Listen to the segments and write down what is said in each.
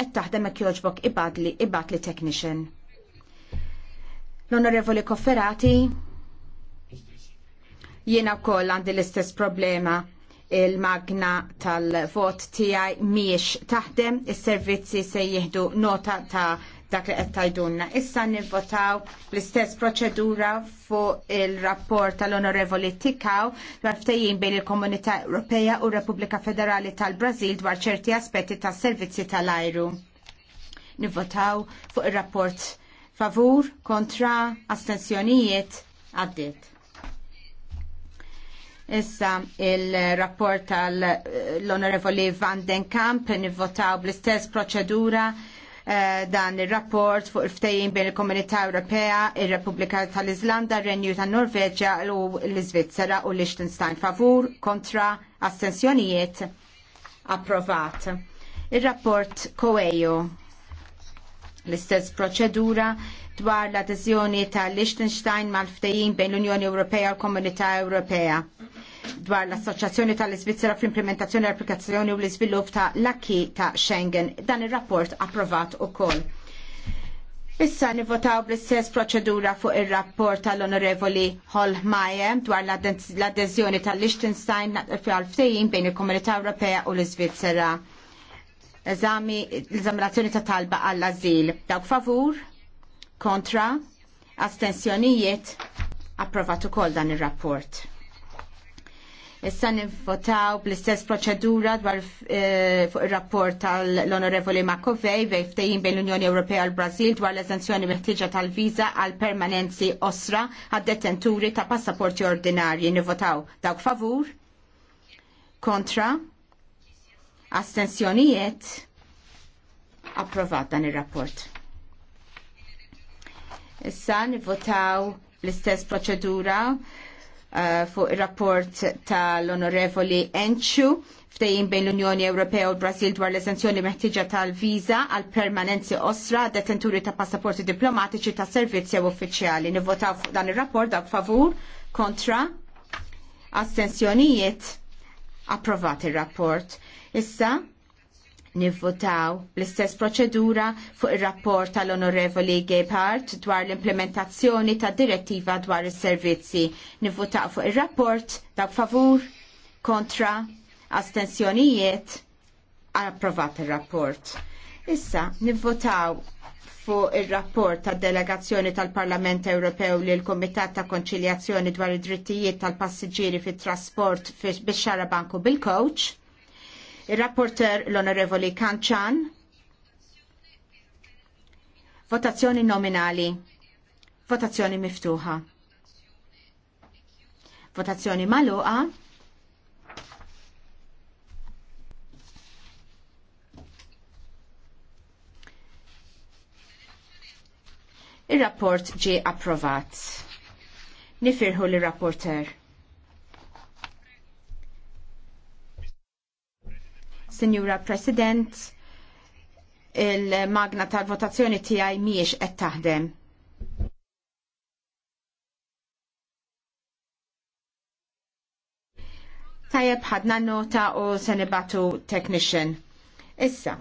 qed taħdem hekk jogħġbok ibadli ibadli technician. L-Onorevoli Kofferati jiena wkoll għandi l-istess problema il-magna tal-vot tiegħi miex taħdem, is-servizzi se jieħdu nota ta' dak li qed Issa nivvotaw l-istess proċedura fuq il-rapport tal-Onorevoli Tikaw dwar ftejjin bejn il-Komunità Ewropea u Repubblika Federali tal-Brażil dwar ċerti aspetti tas servizzi tal-ajru. Nivvotaw fuq ir rapport favur, kontra, astensjonijiet, għaddiet. Issa il-rapport tal-Onorevoli Van Den Kamp nivvotaw bl-istess proċedura Eh, dan il-rapport fuq il-ftejjin bejn il-Komunità Ewropea, il-Repubblika tal-Iżlanda, Renju tan-Norveġġja u l-Iżvizzera u l-Liechtenstein favur kontra astensjonijiet approvat. Il-rapport Coelho L-istess proċedura dwar l adżjoni ta' Liechtenstein mal-ftejjin bejn l-Unjoni Ewropea u l-Komunità Ewropea dwar l-Assoċjazzjoni tal-Iżvizzera fl-implementazzjoni l-applikazzjoni u l-iżvilupp ta' l-akki ta' Schengen. Dan ir-rapport approvat ukoll. Issa nivotaw bl-istess proċedura fuq ir-rapport tal-Onorevoli Holmajem dwar l-adeżjoni tal-Liechtenstein fl-ftejjin bejn il-Komunità Ewropea u l-Iżvizzera eżami l-eżaminazzjoni ta' talba għall-azil. Dawk favur, kontra, astensjonijiet, approvat ukoll dan ir-rapport. Issa nivvotaw bl-istess proċedura dwar e, fuq ir-rapport tal-Onorevoli Makovej bej ftejjin bejn l-Unjoni Ewropea għal brażil dwar l-eżenzjoni meħtieġa tal-viża għal permanenzi osra għad detenturi ta' passaporti ordinarji. Nivvotaw dawk favur, kontra, astensjonijiet approvat dan il-rapport. Issa nivvotaw l-istess proċedura uh, fuq il-rapport tal-onorevoli Enchu ftejjin bejn l-Unjoni Ewropea u l-Brażil dwar l-esenzjoni meħtieġa tal-viża għal permanenzi osra detenturi ta' passaporti diplomatiċi ta' servizzi uffiċjali. Nivvotaw dan ir-rapport dak favur kontra astensjonijiet Approvat il-rapport. Issa, nivvotaw l-istess proċedura fuq ir-rapport tal-Onorevoli Gebhardt dwar l-implementazzjoni ta' direttiva dwar is-servizzi. Nivvotaw fuq ir-rapport dak favur, kontra, astensjonijiet, approvat ir-rapport. Issa, nivvotaw fuq il-rapport ta' delegazzjoni tal-Parlament Ewropew li l-Komitat ta' Konċiljazzjoni dwar id-drittijiet tal-passiġġieri fit trasport bix-xara banku bil-coach. Il-rapporter l-Onorevoli Kanċan. Votazzjoni nominali. Votazzjoni miftuħa. Votazzjoni maluqa. Il-rapport ġie approvat. Nifirħu l-rapporter. Signora President, il-magna tal-votazzjoni tiegħi miex qed taħdem. Tajjeb ħadna nota u senibatu technician. Issa,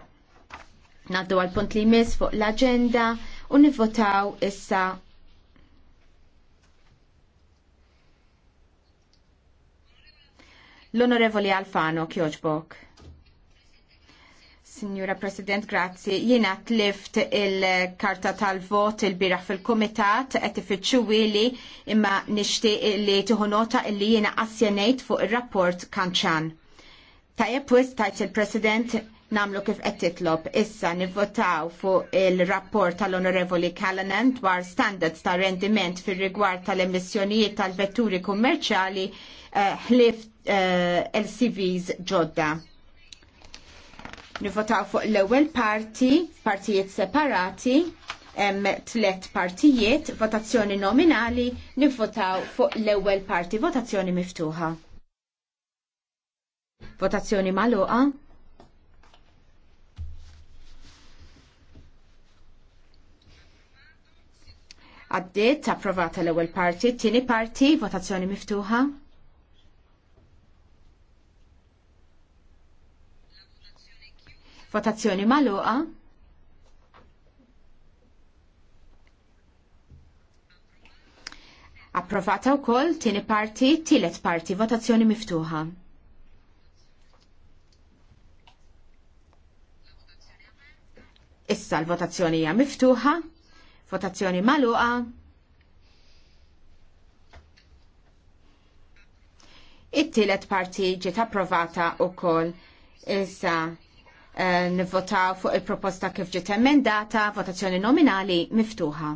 naddu għal punt li jmiss fuq l-agenda u nivvotaw issa l-Onorevoli Alfano Kjoġbok. Signora President, grazie. Jiena tlift il-karta tal-vot il-bira fil-komitat għet ifittxu wili imma nishti li tiħu nota illi jiena assjenejt fuq il-rapport kanċan. Tajab wis tajt il-President namlu kif qed titlob issa nivvotaw fuq il-rapport tal-Onorevoli Callanan dwar standards ta' rendiment fir rigward tal-emissjonijiet tal-vetturi kummerċali eh, ħlif uh, eh, LCVs ġodda. Nivvotaw fuq l-ewwel parti, partijiet separati, hemm tliet partijiet, votazzjoni nominali, nivvotaw fuq l-ewwel parti, votazzjoni miftuħa. Votazzjoni maluqa. Għaddiet, approvata l-ewwel parti, tieni parti, votazzjoni miftuħa. Votazzjoni magħluqa. Approvata wkoll tieni parti, tielet parti, votazzjoni miftuħa. Issa l-votazzjoni hija miftuħa. Votazzjoni maluqa. It-tielet parti ġiet approvata wkoll issa eh, nivvotaw fuq il-proposta kif ġiet emendata, votazzjoni nominali miftuħa.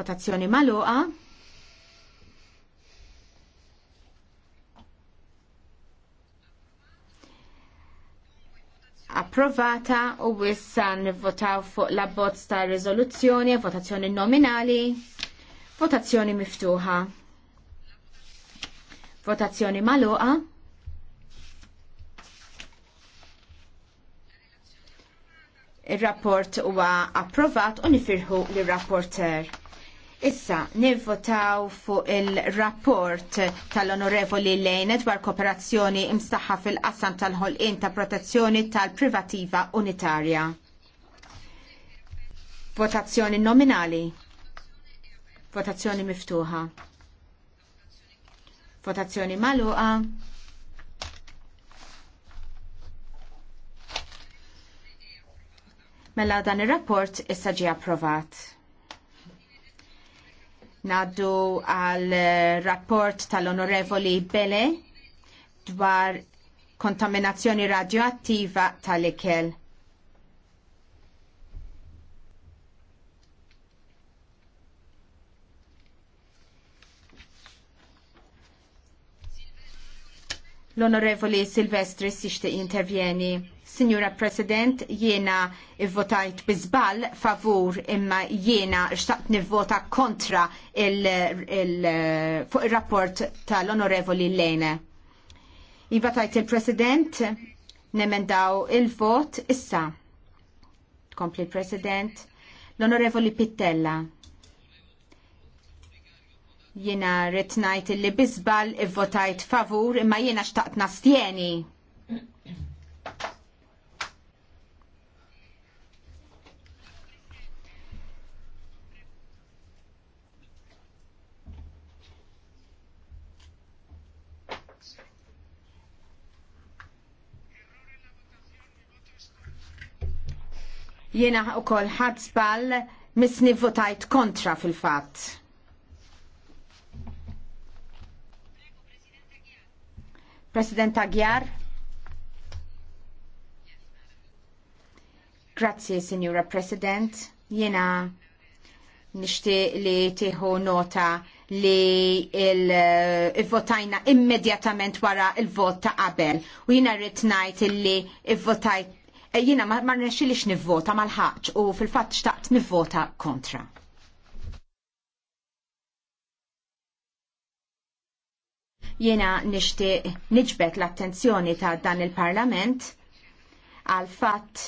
Votazzjoni maluqa. approvata u wissa nivvotaw fuq l-abbozz ta' riżoluzzjoni, votazzjoni nominali, votazzjoni miftuħa. Votazzjoni maluqa. il-rapport huwa approvat u nifirħu l-rapporter. Issa, nivvotaw fuq il-rapport tal-Onorevoli Lejnet dwar kooperazzjoni imstaħħa fil-qassam tal-ħolqien ta' protezzjoni tal-privativa unitarja. Votazzjoni nominali. Votazzjoni miftuħa. Votazzjoni maluqa. Mela dan ir rapport issa ġie approvat. Naddu għal rapport tal-Onorevoli Bele dwar kontaminazzjoni radioattiva tal-ikel. L-Onorevoli Silvestri sixtieq intervjeni. Signora President, jiena votajt bizbal favur imma jiena xtaqt nivvota kontra il, il, fuq il-rapport tal-Onorevoli Lene. Iva il-President, nemendaw il-vot issa. Kompli il-President, l-Onorevoli Pittella. Jiena rrid ngħid illi biżbal ivvotajt favur imma jiena xtaqt nastjeni. Jiena u kol ħadżbal misni votajt kontra fil fatt President Aguiar. Grazie, Signora President. Jena nishti li tiħu nota li il-votajna il eh, immedjatament wara il-vot ta' qabel. U jina rritnajt li il-votajt eh, jina ma, ma nivvota mal-ħaċ u fil-fat xtaqt nivvota kontra. Jena nixtieq niġbet l-attenzjoni ta' dan il-Parlament għal fatt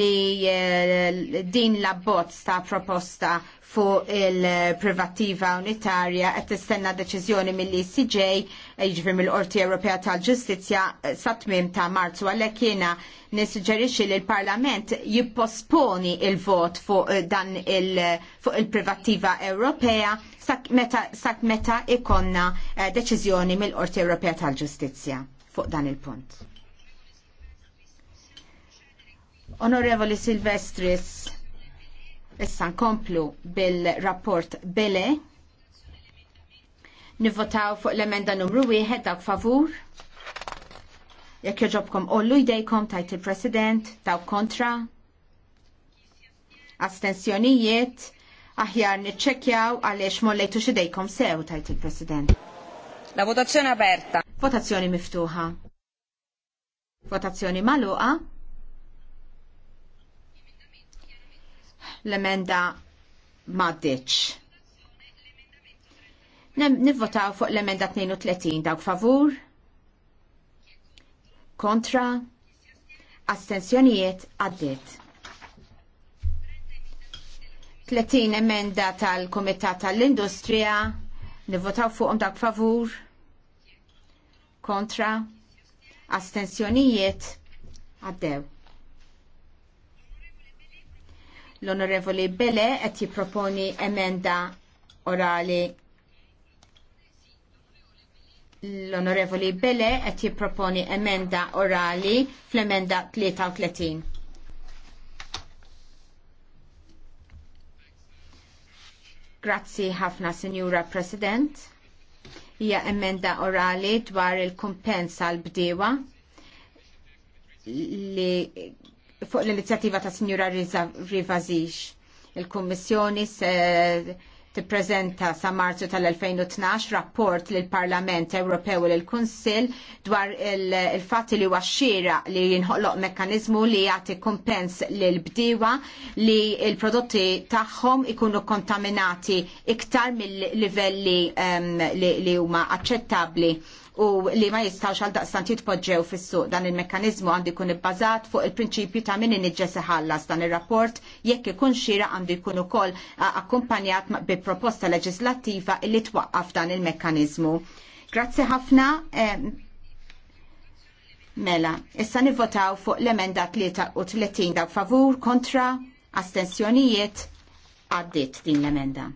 li eh, din l-abbozz ta' proposta fuq il-privattiva unitarja qed tistenna deċiżjoni mill-ECJ eh, jiġri mill-Qorti Ewropea tal-Ġustizzja eh, sa tmiem ta' Marzu għalhekk jiena nissuġġerixxi li l-Parlament jipposponi il-vot fuq dan il fuq il-privattiva Ewropea sak meta, sak meta ikonna eh, deċiżjoni mill-Qorti Ewropea tal-Ġustizzja fuq dan il-punt. Onorevoli Silvestris, issa nkomplu bil-rapport Bele. Nivvotaw fuq l-emenda numru wieħed dak favur. Jekk joġobkom ollu jdejkom tajt il-President, daw kontra. Astensjonijiet, aħjar niċċekjaw għaliex mollejtu xidejkom sew tajt il-President. La votazzjoni aperta. Votazzjoni miftuħa. Votazzjoni maluqa. L-emenda maddiċ. Nivvotaw fuq l-emenda 32 dawk favur, kontra, astensjonijiet għaddit. 30 emenda tal-Komitat tal-Industrija nivvotaw fuqhom dak favur kontra astensjonijiet għaddew. L-Onorevoli Bele qed jipproponi emenda orali l-Onorevoli Bele qed jipproponi emenda orali fl-emenda 33. Grazzi ħafna, Signora President. Hija emenda orali dwar il-kumpens għal bdewa li fuq l inizjativa ta' Signora Rivazix. Il-Kummissjoni se tippreżenta sa Marzu tal-2012 rapport lill parlament Ewropew u lill kunsill dwar il-fatt li huwa xira li jinħoloq mekkaniżmu li jagħti kumpens lil bdiewa li l-prodotti tagħhom ikunu kontaminati iktar mill-livelli ehm, li huma aċċettabbli u li ma jistawx għal daqstant jitpoġġew fis-suq dan il-mekkanizmu għandu jkun ibbażat fuq il-prinċipju ta' min inġesi ħallas dan ir-rapport jekk ikun xira għandu jkun ukoll akkumpanjat bi proposta leġislattiva li twaqqaf dan il-mekkanizmu. Grazzi ħafna. Mela, issa nivvotaw fuq l-emenda 33 dak favur kontra astensjonijiet għaddit din l-emenda.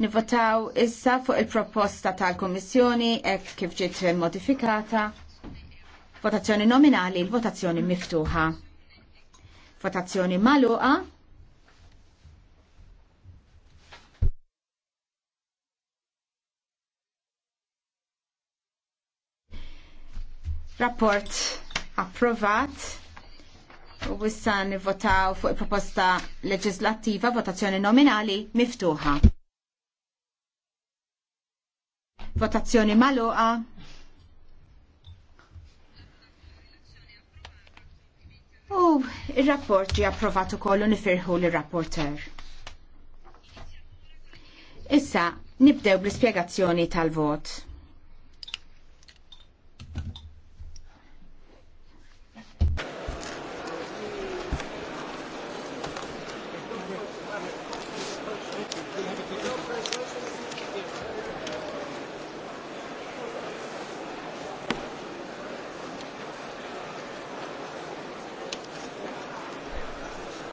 Nivotaw issa fuq il-proposta tal-Komissjoni ek kif ġiet modifikata. Votazzjoni nominali, votazzjoni miftuħa. Votazzjoni maluqa. Rapport approvat. U wissa nivvotaw fuq il-proposta leġislattiva votazzjoni nominali miftuħa. Votazzjoni maloa U il-rapport ġi approvat ukoll u nifirħu l-rapporter. Issa, nibdew bl-spiegazzjoni tal-vot.